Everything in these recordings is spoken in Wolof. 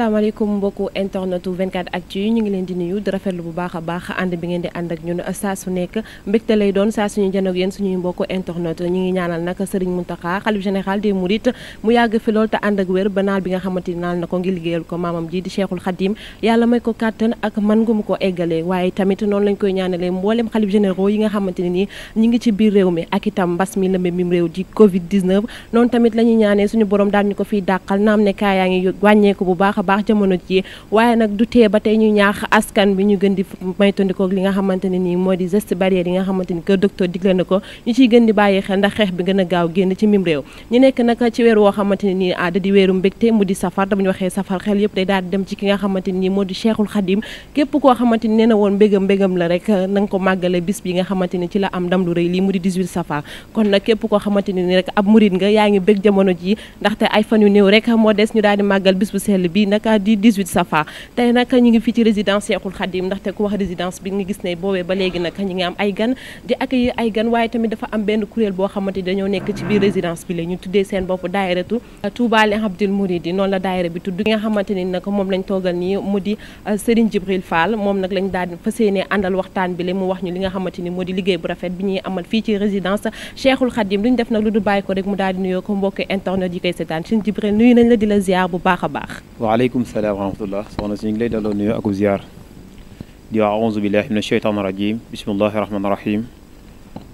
asalaamaaleykum mbokku internetu 24 actu yi ñu ngi leen di nuyu di rafetlu bu baax a baax ànd bi ngeen di ànd ak ñun saa su nekk lay doon saa suñu janoog yéen suñuy xalif général yi nga xamante nii ñu ngi ci biir réew mi ak itam mbas mi lëmbe mim réew di covid 19 noonu tamit la ñaanee suñu borom daal ñu ko fiy dàqal naam ne kaa ngi wàññeeku bu baax baax jamono jii waaye nag du tee ba tey ñu ñaax askan bi ñu gën di maytandikook li nga xamante ne nii moo di geste barrière yi nga xamante ni que docteur digle na ko ñu ciy gën di bàyyi xel ndax xeex bi gën a gaaw génn ci mim réew ñu nekk nag ci weer woo xamante nii ah da di weeru mbégte mu di safar da bu ñu waxee safar xel yëpp day dem ci ki nga xamante nii moo di cheikhul xadim képp la rek na nga ko màggale bis bi nga xamante ni ci la am ndam lu rëy lii mu di 18 safar kon nag képp koo xamante ni rek ab murid nga yaa ngi bég jamono ji ndaxte ay fan yu néew nag di 18 safa tey nag ñu ngi fii ci résidence Cheikhoul Khadim ndaxte ku wax résidence bi nga gis ne boobee ba léegi nag ñu ngi am ay gan di accueillir ay gan waaye tamit dafa am benn kuréel boo xamante dañoo nekk ci biir résidence bi la ñu tuddee seen bopp daayiratu Touba li Abdil Mouridi noonu la daayira bi tudd nga xamante ni nag moom lañ toogal nii mu di euh, Serigne Jibril Fall moom nag lañ daal fas yéene àndal waxtaan bi la mu wax ñu li nga xamante ni moo di liggéey bu rafet bi ñuy amal fii ci résidence Cheikhoul Khadim ko rek mu daal di ko mbokk internet yi koy bu baax a waaleykum salaam wa rahmatullah soxna si ñu ngi lay delloo nuyu ak ziar di wax aouzu billahi min asheytaan rajim bismillahi rahmani rahim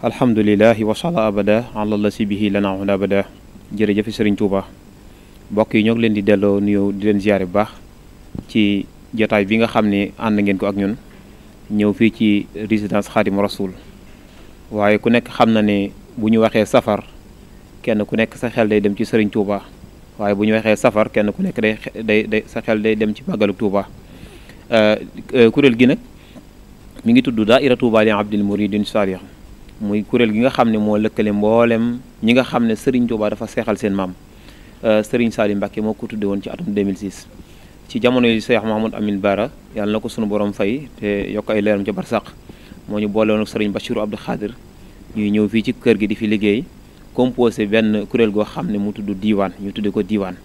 alhamdulilahi wasala abada ala la si bihi lana wala abada jërëjëf sëriñ Tuuba mbokk yi ñoo ngi leen di delloo nuyu di leen ziare bu baax ci jotaay bi nga xam ni ànd ngeen ko ak ñun ñëw fii ci résidence Xaadimu Rasuul waaye ku nekk xam na ne bu ñu waxee safar kenn ku nekk sa xel day dem ci sëriñ Tuuba waaye bu ñu waxee safar kenn ku nekk day day day sa xel day dem ci màggalu Touba euh, euh, kuréel gi nag mi ngi tudd daal daaira Touba li abdil muridin salih muy kuréel gi nga xam ne moo lëkkale mboolem ñi nga xam ne Serigne Touba dafa seexal seen maam euh, Serigne Saliou Mbacké moo ko tudde woon ci atum 2006. ci jamono yi Cheikh Mouhamad Amin Bara yàlla na ko sunu borom fay te yokk ay leeram ca barsàq moo ñu boole woon ak Serigne Bachirou Abdou Khadir ñuy ñëw fii ci kër gi di fi liggéey. composé benn kuréel goo xam ne mu tudd diiwaan ñu tudde ko diiwaan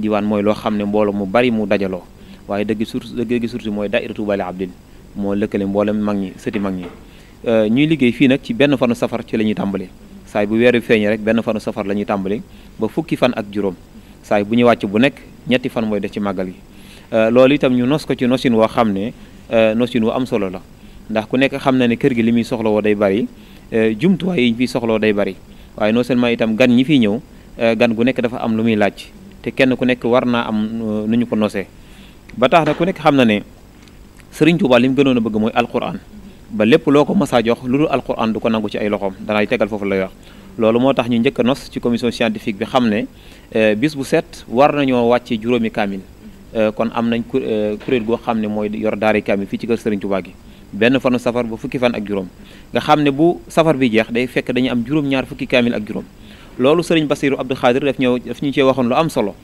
diiwaan mooy loo xam ne mbooloo mu bari mu dajaloo waaye dëgg sur dëgg surtout mooy daayiratu Baali Abdin moo lëkkale mboolem mag ñi sëti mag ñi euh, ñuy liggéey fii nag ci benn fanu safar ci la ñuy tàmbali saay bu weeru feeñee rek benn fanu safar la ñuy tàmbali ba fukki fan ak juróom saay bu ñuy wàcc bu nekk ñetti fan mooy def ci màggal yi euh, loolu itam ñu nos ko ci nosin woo xam ne euh, nosin wu am solo la ndax ku nekk xam na ne kër gi li muy soxla woo day bari jumtuwaay yi ñu soxla day bari waaye non seulement itam gan ñi fiy ñëw eh, gan gu nekk dafa am lu muy laaj te kenn ku nekk war naa am eh, nu ñu ko nosee ba tax na ku nekk xam na ne Sëriñ Tuubaa li mu gënoon a bëgg mooy al alquran ba lépp loo ko masaa jox lu dul alquran du ko nangu ci ay loxoom danay tegal foofu lay wax loolu moo tax ñu njëkk a nos ci commission scientifique bi xam ne eh, bis bu set war nañoo wàcce juróomi kaamin kon am nañ kuréel goo xam ne mooy yor daari kaamil fii ci kër Sëriñ Tuubaa gi benn fanu safar ba fukki fan ak juróom nga xam ne bu safar bi jeex day fekk dañu am juróom-ñaar fukki kaamil ak juróom loolu sëriñ Basiru Abdou Xaadir daf ñëw ñu cee waxoon lu am solo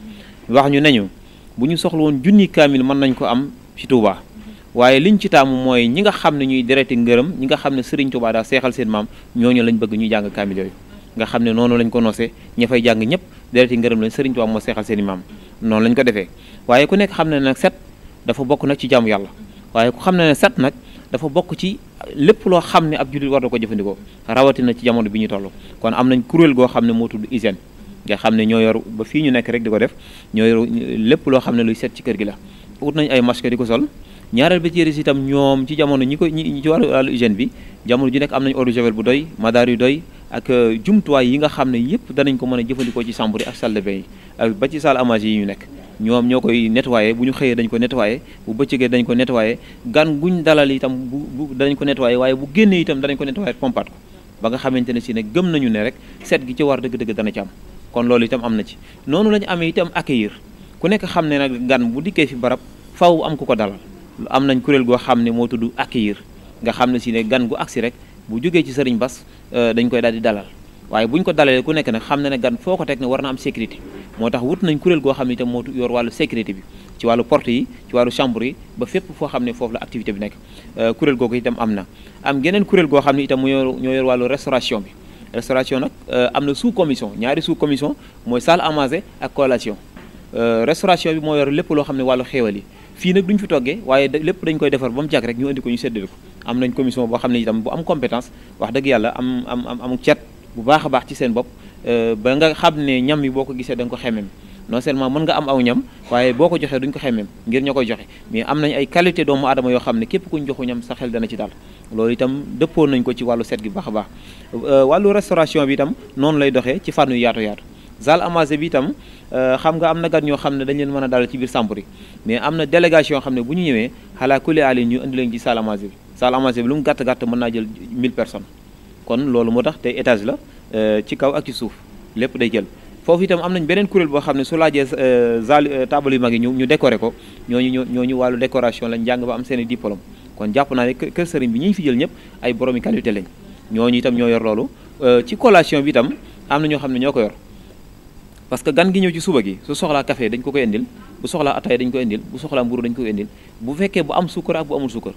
wax ñu nañu bu ñu soxla woon junni kaamil mën nañ ko am ci Touba waaye liñ ci taamu mooy ñi nga xam ne ñuy dereti ngërëm ñi nga xam ne sëriñ Touba daa seexal seen maam ñooñu lañ bëgg ñu jàng kaamil yooyu nga xam ne noonu lañ ko noosee ña fay jàng ñëpp dereti ngërëm lañ sëriñ Touba moo seexal seen i noonu lañ ko defee waaye ku nekk xam ne nag set dafa bokk nag ci jaamu yàlla waaye ku xam ne ne set nag dafa bokk ci lépp loo xam ne ab jullit war na ko jëfandikoo rawatina ci jamono bi ñu toll kon am nañ kuréel goo xam ne moo tudd hygiène nga xam ne ñoo yor ba fii ñu nekk rek di ko def ñoo yor lépp loo xam ne luy set ci kër gi la ut nañ ay masque di ko sol ñaareel ba ci itam ñoom ci jamono ñi ko ñi ci wàllu wàllu hygiène bi jamono ju nekk am nañ eau bu doy madaar yu doy ak euh, jumtuwaay yi nga xam ne yëpp danañ ko mën a jëfandikoo ci chambre yi ak salle de ba ci salle à yi ñu nekk ñoom ñoo koy nettoyé bu ñu xëyee dañ ko nettoyé bu bëccëgee dañ ko nettoyé gan guñ dalal itam bu bu danañ ko nettoyé waaye bu génnee itam danañ ko nettoyé pompaat ko ba nga xamante ne si ne gëm nañu ne rek set gi ci war dëgg-dëgg dana ci am kon loolu itam am na ci noonu lañu amee itam accueillir ku nekk xam ne nag gan bu dikkee fi barab faw am ku ko dalal am nañ kuréel goo xam ne moo tudd accueillir nga xam ne si ne gan gu agsi rek bu jógee ci Sëriñ Bas euh, dañ koy daal di dalal waaye buñ ko dalalee ku nekk nag xam ne ne gan foo ko teg ne war na am sécurité moo tax wut nañ kuréel goo xam ne itam moo yor wàllu sécurité bi ci wàllu porte yi ci wàllu chambre yi ba fépp foo xam ne foofu la activité bi nekk euh, kuréel googu itam am na am geneen kuréel goo xam ne itam mu ñoo yor wàllu restauration bi restauration nag euh, am na sous commission ñaari sous commission mooy salle à manger ak collation euh, restauration bi moo yor lépp loo xam ne wàllu xewal yi fii nag duñ fi toggee waaye lépp dañ koy defar ba mu jàkk rek ñu indi ko ñu séddale ko am nañ commission boo xam ne itam bu am compétence wax dëgg yàlla am am am am cet bu baax a baax ci seen bopp euh, ba nga xam ne ñam yi boo ko gisee dañ ko xemem non seulement mën nga am aw ñam waaye boo ko joxee duñ ko xemem ngir ña koy joxe mais am nañ ay qualité doomu aadama yoo xam ne képp kuñ joxu ñam sa xel dana ci dal loolu itam dëppoon nañ ko ci wàllu set gi a baax euh, wàllu restauration bi itam noonu lay doxee ci fànn yaatu yaatu zal amase bi itam euh, xam nga am na gan ñoo xam ne dañ leen mën a dalal ci biir Sampori mais am na délégation yoo xam ne bu ñu ñëwee xalaa kule alin ñu indi leen ci salle amase bi salle amase bi lu mu gàtt gàtt mën naa jël 1000 personnes kon loolu moo tax tey étage la euh, ci kaw ak ci suuf lépp day jël foofu itam am nañ beneen kuréel boo xam ne su laajee euh, zaal euh, taabal yu mag yi ñu ñu décorer ko ñooñu ñoo ñooñu wàllu décoration lañ jàng ba am seen i diplôme kon jàpp naa ne kër sëriñ bi ñi fi jël ñëpp ay boromi qualité lañ ñooñu itam ñoo yor loolu ci collation bi itam am na ñoo xam ne ñoo ko yor parce que gan gi ñëw ci suba gi su soxlaa café dañ ko koy indil bu soxlaa ataay dañ koy indil bu soxlaa mburu dañ koy indil bu fekkee bu am suukar ak bu amul suukar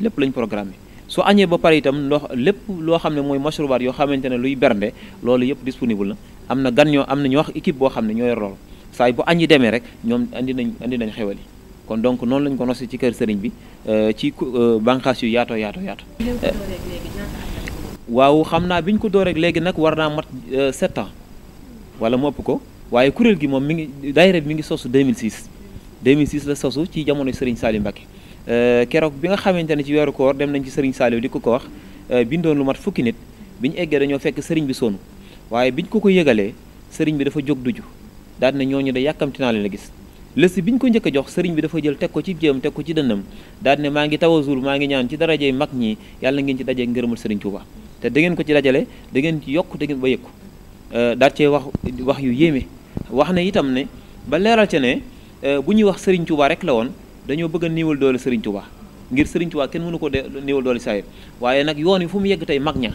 lépp lañ programmé su añee ba pare itam ndox lépp loo xam ne mooy mashrubaat yoo xamante ne luy bernde loolu yëpp disponible na am na gan ñoo am na ñu wax équipe boo xam ne ñoo yor loolu saa bu añi demee rek ñoom andi nañ andi nañ xewal yi kon donc noonu lañ ko nosi ci kër sëriñ bi euh, ci euh, bànqaas yu yaatoo yaatoo yaato euh, waaw xam naa bi ko door rek léegi nag war naa mat 7 ans wala mu ëpp ko waaye kuréel gi moom mu ngi daayira bi mi ngi sosu 2006 2006 la sosu ci jamono sëriñ Salim Mbacké Euh, keroog bi nga xamante ne ci weeru koor dem nañ ci sëriñ Saliou di ko ko wax euh, bindoon lu mat fukki nit bi ñu eggee dañoo fekk sëriñ bi sonn waaye biñ ko ko yëgalee sëriñ bi dafa jóg duju daal na ñooñu da yàkkamti naa leen a gis lësi bi ñu ko njëkk jox sëriñ bi dafa jël teg ko ci jéem teg ko ci dënnam daal ne maa ngi tawasul maa ngi ñaan ci darajey mag ñi yàlla ngeen ci dajee ngërëmal sëriñ Tuuba te da ko ci dajale dangeen ci yokk dangeen ngeen ba yëkku euh, daal cee wax wax yu yéeme wax na itam ne ba leeral ne bu ñuy wax sëriñ Tuuba rek la woon dañoo bëgg a niiwal doole Serigne Touba ngir Serigne Touba kenn mënu ko de niiwal doole saa waaye nag yoon wi fu mu yegg tey mag ña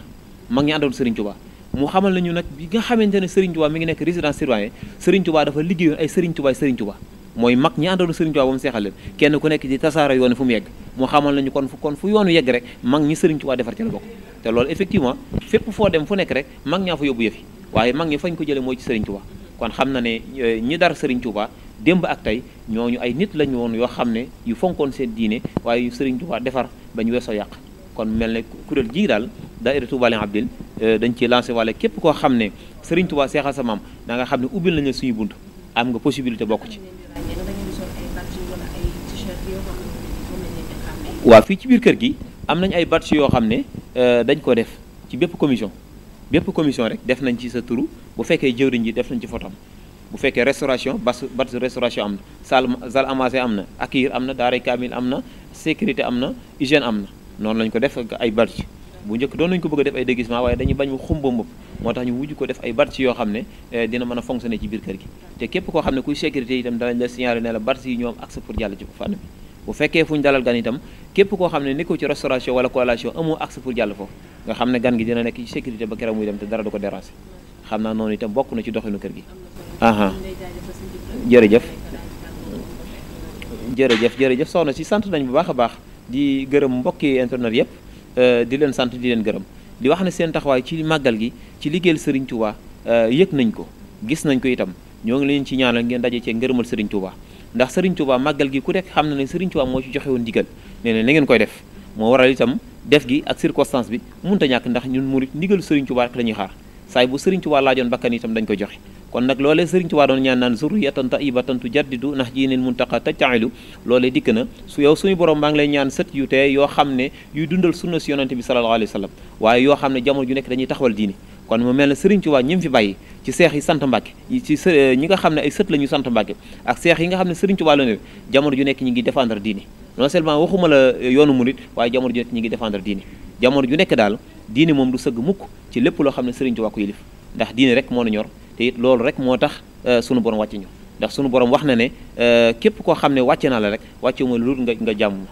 mag ña àndoon Serigne Touba mu xamal nañu nag bi nga xamante ne Serigne Touba mi ngi nekk résidence surveillée Serigne Touba dafa liggéeyoon ay Serigne Touba Serigne Touba mooy mag ñi àndoon Serigne Touba ba mu seexal kenn ku nekk di tasaara yoon fu mu yegg mu xamal nañu kon fu kon fu yoonu yegg rek mag ñi Serigne Touba defar ci la bokk te loolu effectivement fépp foo dem fu nekk rek mag ñaa fa yóbbu yëfi waaye mag ñi fañ ko jële mooy ci Serigne Touba kon xam na ne ñi dar Serigne Touba démb ak tey ñooñu ay nit lañu woon yoo xam ne yu fonkoon seen diine waaye yu Sëriñ Tuubaa defar ba ñu weesoo yàq kon mel ne kuréel jii daal daayira Touba Lane euh, dañ ci lancé wala képp koo xam ne Sëriñ Tuubaa seexal sa maam da nga xam ne ubbil nañu suñu bunt am nga possibilité bokk ci waaw fii ci biir kër gi am nañ ay badge yoo xam ne euh, dañ ko def ci bépp commission bépp commission rek def nañ ci sa turu bu fekkee jëwriñ ji def nañ ci fotom bu fekkee restauration bas bat restauration am na salle salle à manger am na accueillir am na daaray kaamil am na sécurité am na hygiène am na noonu lañ ko def ay badge bu njëkk doon nañu ko bëgg a def ay déguisement waaye dañu bañ mu xumba mbëpp moo tax ñu wujj ko def ay badge yoo xam ne eh, dina mën a fonctionner ci biir kër gi te képp ko xam ne kuy sécurité itam danañ la signaler ne la badge yi ñoom accès pour jàll ci ko fànn bi bu fekkee fu ñu dalal gan itam koo xam ne nekkoo ci restauration wala collation amoo accès pour jàll foofu nga xam ne gi dina nekk ci sécurité ba keroog muy dara du ko déranger xam naa noonu itam na ci doxinu kër gi jërëjëf jërëjëf jërëjëf soxna si sant nañ bu baax a baax di gërëm mbokki internet yëpp euh, di leen sant di leen gërëm di wax ne seen taxawaay ci màggal gi ci liggéeyal Serigne Touba euh, yëg nañ ko gis nañ ko itam ñoo ngi leen ci ñaanal ngeen daje cee ngërëmal Serigne Touba ndax Serigne tubaa màggal gi ku nekk xam na ne Serigne Touba moo ci joxe woon ndigal nee na na ngeen koy def moo waral itam def gi ak circonstance bi munta ñàkk ndax ñun murit ndigalu Serigne Touba rek la ñuy xaar saay bu Serigne Touba laajoon bakkan itam dañ koy joxe kon nag loolee Sëriñ Tuubaa doon ñaan naan zurriyatan tayyibatan tujaddidu ndax jiinil muntaqa tajtaalu loolee dikk na su yow suñu borom maa ngi lay ñaan sët yu tee yoo xam ne yuy dundal sunna si yonante bi sallallahu alayhi wa sallam waaye yoo xam ne jamono ju nekk dañuy taxawal diine kon mu mel ne Sëriñ Tuubaa ñi mu fi bàyyi ci seex yi sant Mbàkke ci eh, ñi xam ne ay la ñu sant Mbàkke ak seex yi nga xam ne Sëriñ Tuubaa la jamono ju nekk ñi ngi défendre diine non seulement waxuma la eh, yoonu murit waaye jamono ju ñi ngi défendre diine jamono ju nekk daal diine moom du sëgg mukk ci lépp loo xam ne Sëriñ Tuubaa ko yilif ndax diine rek moo na ñor te it loolu rek moo tax euh, sunu borom wàcc ñu ndax sunu borom wax na ne euh, képp koo xam ne wàcce naa la rek wàcce ma lu nga nga jàmm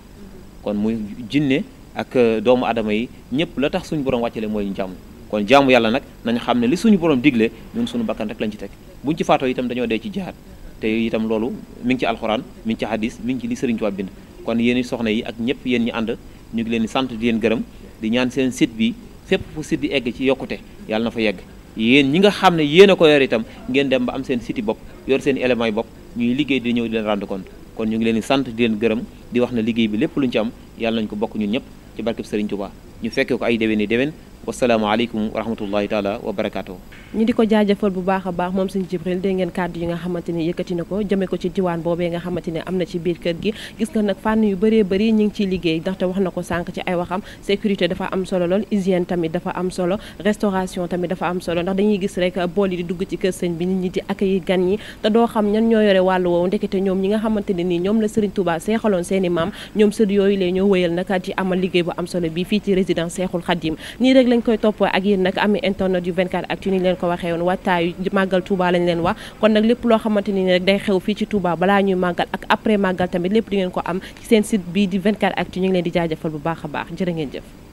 kon muy jinne ak euh, doomu adama yi ñëpp la tax suñu borom wàccale mooy jàmm kon jàmm yàlla nag nañu xam ne li suñu borom digle ñun suñu bakkan rek lañ ci teg buñ ci faatoo itam dañoo dee ci jihaad te itam loolu mi ngi ci alxuraan mi ngi ci hadis mi ngi ci li Sëriñ Tuubaa bind kon yéen i soxna yi ak ñëpp yéen ñi ànd ñu ngi leen di sant di leen gërëm di ñaan seen site bi fépp fu site di egg ci yokkute yàlla na fa yegg yéen ñi nga xam ne yéen a ko yor itam ngeen dem ba am seen site bopp yor seen éléments yi bopp ñuy liggéey di ñëw di leen rendre compte kon ñu ngi leen di sant di leen gërëm di wax na liggéey bi lépp luñ ci am yàlla nañ ko bokk ñun ñëpp ci barkeb Serigne Touba ñu fekkee ko ay déwén i déwén wasalaamaaleykum wa rahmatullahi taala wa barakaatu. ñu di ko jaajëfal bu baax a baax moom sëñ Jibril dégg ngeen kàddu yi nga xamante ni yëkkati na ko jëme ko ci diwaan boobee nga xamante ne am na ci biir kër gi nga nag fànn yu bëree bëri ñu ngi ciy liggéey ndaxte wax na ko sànq ci ay waxam sécurité dafa am solo lool hygiène tamit dafa am solo restauration tamit dafa am solo ndax dañuy gis rek bool yi di dugg ci kër sëñ bi nit ñi di accueillir gan ñi te doo xam ñan ñoo yore wàllu woowu ndekete ñoom ñi nga xamante ne nii ñoom la sëriñ Touba seexaloon seeni maam ñoom sët yooyu lee ñoo wëyal nag ci amal liggéey bu am solo bi fii ci résidence Seexul Xadim nii ngeen koy topp ak yéen nag ami internet yu 24 actu ni leen ko waxee woon waajtaayu màggal lañ leen wax kon nag lépp loo xamante ni day xew fii ci Touba bala ñuy màggal ak après màggal tamit lépp di ngeen ko am ci seen site bi di 24 actu ñu ngi leen di jaajëfal bu baax a baax jërë ngeen jëf